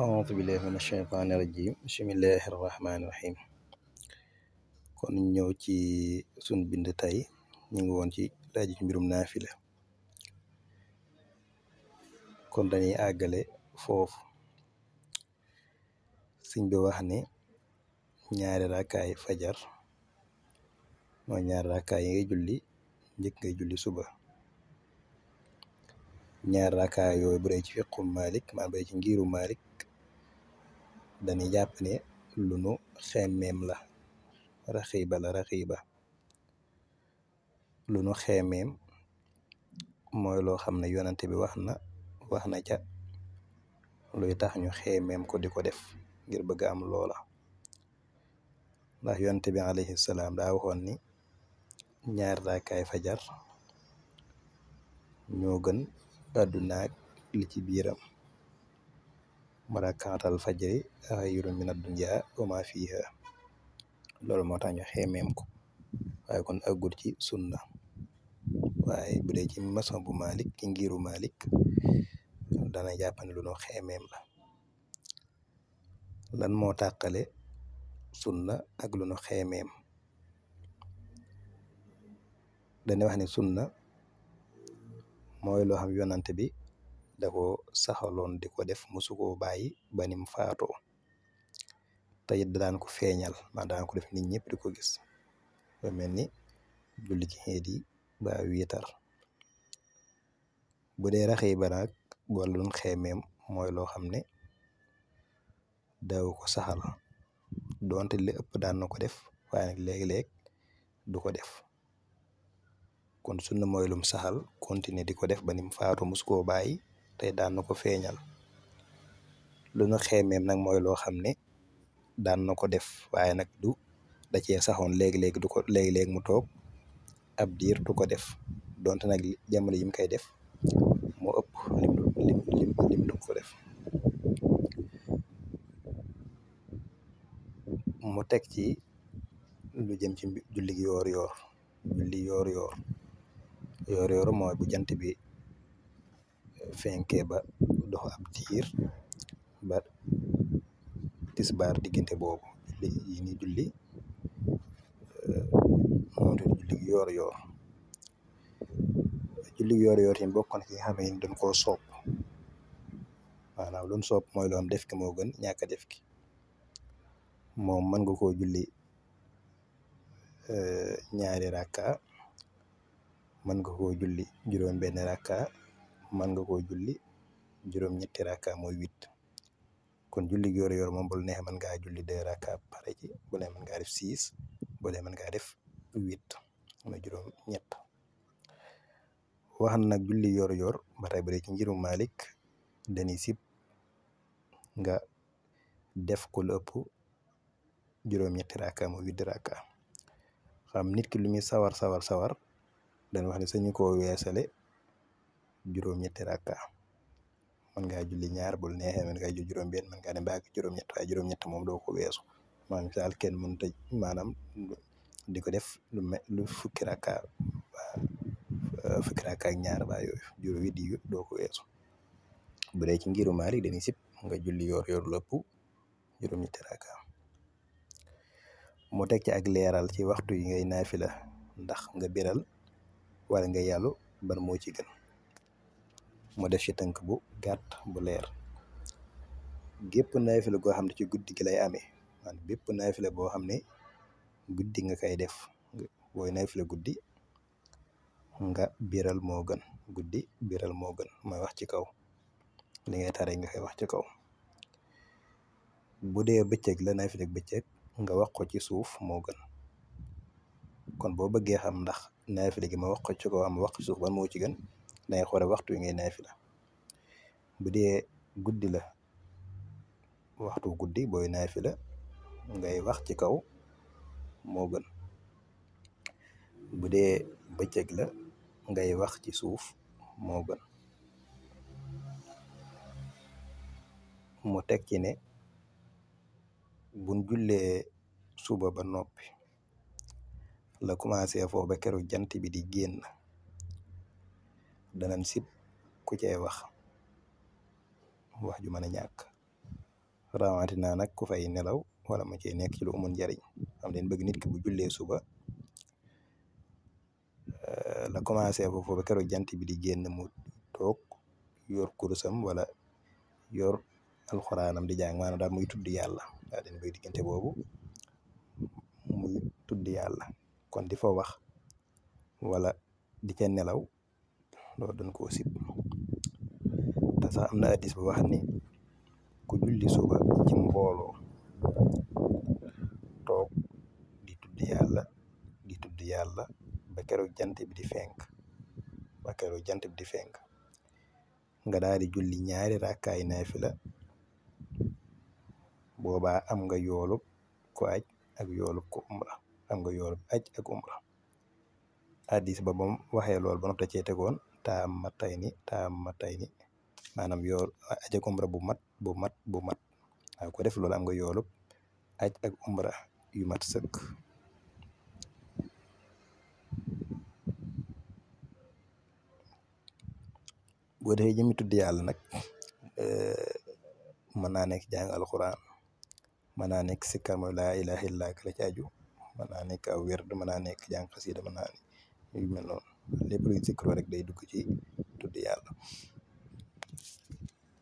aoudu billahi min asheytaani rajim bismillahi rahmaani rahim kon ñëw ci sun bind tey ñu ngi woon ci laaj ci mbirum naafila kon dañuy àggale foofu sëñ bi wax ni ñaari raakaay fajar mooy ñaari raakaay yi ngay julli njëkk ngay julli suba ñaari raakaay yooyu bu dee ci fiqu Malik maa bu dee ci ngiru Malik dañuy jàpp ne lu nu xemmeem la raxiiba la raxiiba lu nu xemmeem mooy loo xam ne yonante bi wax na wax na ca luy tax ñu xemmeem ko di ko def ngir bëgg am loola ndax yonante bi alayhi salaam daa ni ñaar raakaay fajar ñoo gën àddunaak li ci biiram marakatal fajri xayrun ah, mina dunya wa ma fiha loolu moo tax ñu xeemeem ko waaye kon àggul ci sunna waaye bu dee ci maçon bu malik ci malik dana jàpp ne lu nu la lan moo sun sunna ak lu nu xeemeem dañuy wax ne na mooy loo xam yonante bi da ko saxaloon di ko def musu koo bàyyi banim faatoo te da daan ko feeñal ma daan ko def nit ñëpp di ko gis lu mel ni julli ci xeet yi ba wiitar bu dee raxey ba nag wala luñ xeemeem mooy loo xam ne daaw ko saxal doonte li ëpp daan na ko def waaye nag léeg-léeg du ko def kon sunna mooy lum saxal continuer di ko def ba nim faatu mus koo bàyyi tey daan na ko feeñal lu ñu xeemeem nag mooy loo xam ne daan na ko def waaye nag du da ce saxoon léegi-léegi du ko léegi-léegi mu toog ab diir du ko def donte nag jamono yim koy def moo ëpp lim lim lim lim ko def mu teg ci lu jëm ci julli yoor yoor julli yoor yoor yoor yoor mooy bu jant bi fenkee ba dox ab diir ba tisbaar diggante boobu juli ni julli eh, moote julli yoor yoor julli yoor yoor yi bokk na ci nga xam ne dañ koo sopp maanaam luñ sopp mooy loon def ki moo gën ñàkk def ki moom mën nga koo julli eh, ñaari rakka mën nga koo julli juróom benn rakka man nga koo julli juróom-ñetti rakka mooy huit kon julli yoor yoor moom bu la neexee mën ngaa julli deux rakka pare ci bu la neexee mën ngaa def six bu la neexee mën ngaa def huit mooy juróom-ñett wax nag julli yoor yoor ba tey bu dee ci ngirum Malik dañuy sib nga def ko lu ëpp juróom-ñetti rakka mooy huit xam nit ki lu sawar sawar sawar dañ wax ne sañu koo weesale juróom-ñetti rakka mën ngaa julli ñaar bul neexee mën ngaa julli juróom-benn mën juróom-ñett waaye juróom-ñett moom doo ko weesu maanaam misaal kenn mënut a maanaam ko def lu me lu fukki rakka euh, ak ñaar baa yooyu juróom yi di doo ko weesu bu dee ci ngiru Maalik dañuy sib nga julli yoor yoor lëpp juróom-ñetti rakka mu teg ci ak leeral ci waxtu yi ngay naafila ndax nga biral wala nga yàllu ban moo ci moo def ci tënk bu gàtt bu leer gépp naafila goo xam ne ci guddi gi lay amee man bépp naafila boo xam ne guddi nga koy def booy naafila guddi nga biral moo gën guddi biral moo gën mooy wax ci kaw li ngay tare nga kay wax ci kaw bu dee bëccëg la naafila bëccëg nga wax ko ci suuf moo gën kon boo bëggee xam ndax naafila gi ma wax ko ci kaw am wax ci suuf ban moo ci gën dangay xoole waxtu wi ngay naafila bu dee guddi la waxtu guddi booy naafila ngay wax ci kaw moo gën bu dee bëccëg la ngay wax ci suuf moo gën mu teg ci ne buñ jullee suba ba noppi la commencé foo ba keroog jant bi di génn danañ sib ku cee wax wax ju mën a ñàkk rawatina nag ku fay nelaw wala mu cee nekk ci lu njariñ am leen bëgg nit ki bu jullee suba eh, la commencé foofu ba keroog jant bi di génn mu toog yor kurusam wala yor alxuraanam di jàng maanaam daal muy tudd yàlla daal boobu muy yàlla kon di fa wax wala di ca nelaw loolu dañ koo sib te sax am na addis bu wax ni ku julli suba ci mbooloo toog di tudd yàlla di tudd yàlla ba keroog jant bi di fenk ba keroog jant bi di fenk nga daal di julli ñaari rakkaay naafila boobaa am nga yoolub ko aj ak yoolub ko umra am nga yoolub aj ak umra addis ba bam waxee loolu ba noppi da cee taammatayni taammatayni maanaam yool aj ak umra bu mat bu mat bu mat waaw ko def loolu am nga yoolub aj ak yu mat sëkk boo defee jëmi tudd yàlla nag eh, naa nekk jàng alxuraan mën naa nekk sikkar mooy laa ilaha illa ka la ci aju mën naa nekk aw werd mën nekk jàng xasida mën naa lépp luy zikru rek day dugg ci tudd yàlla.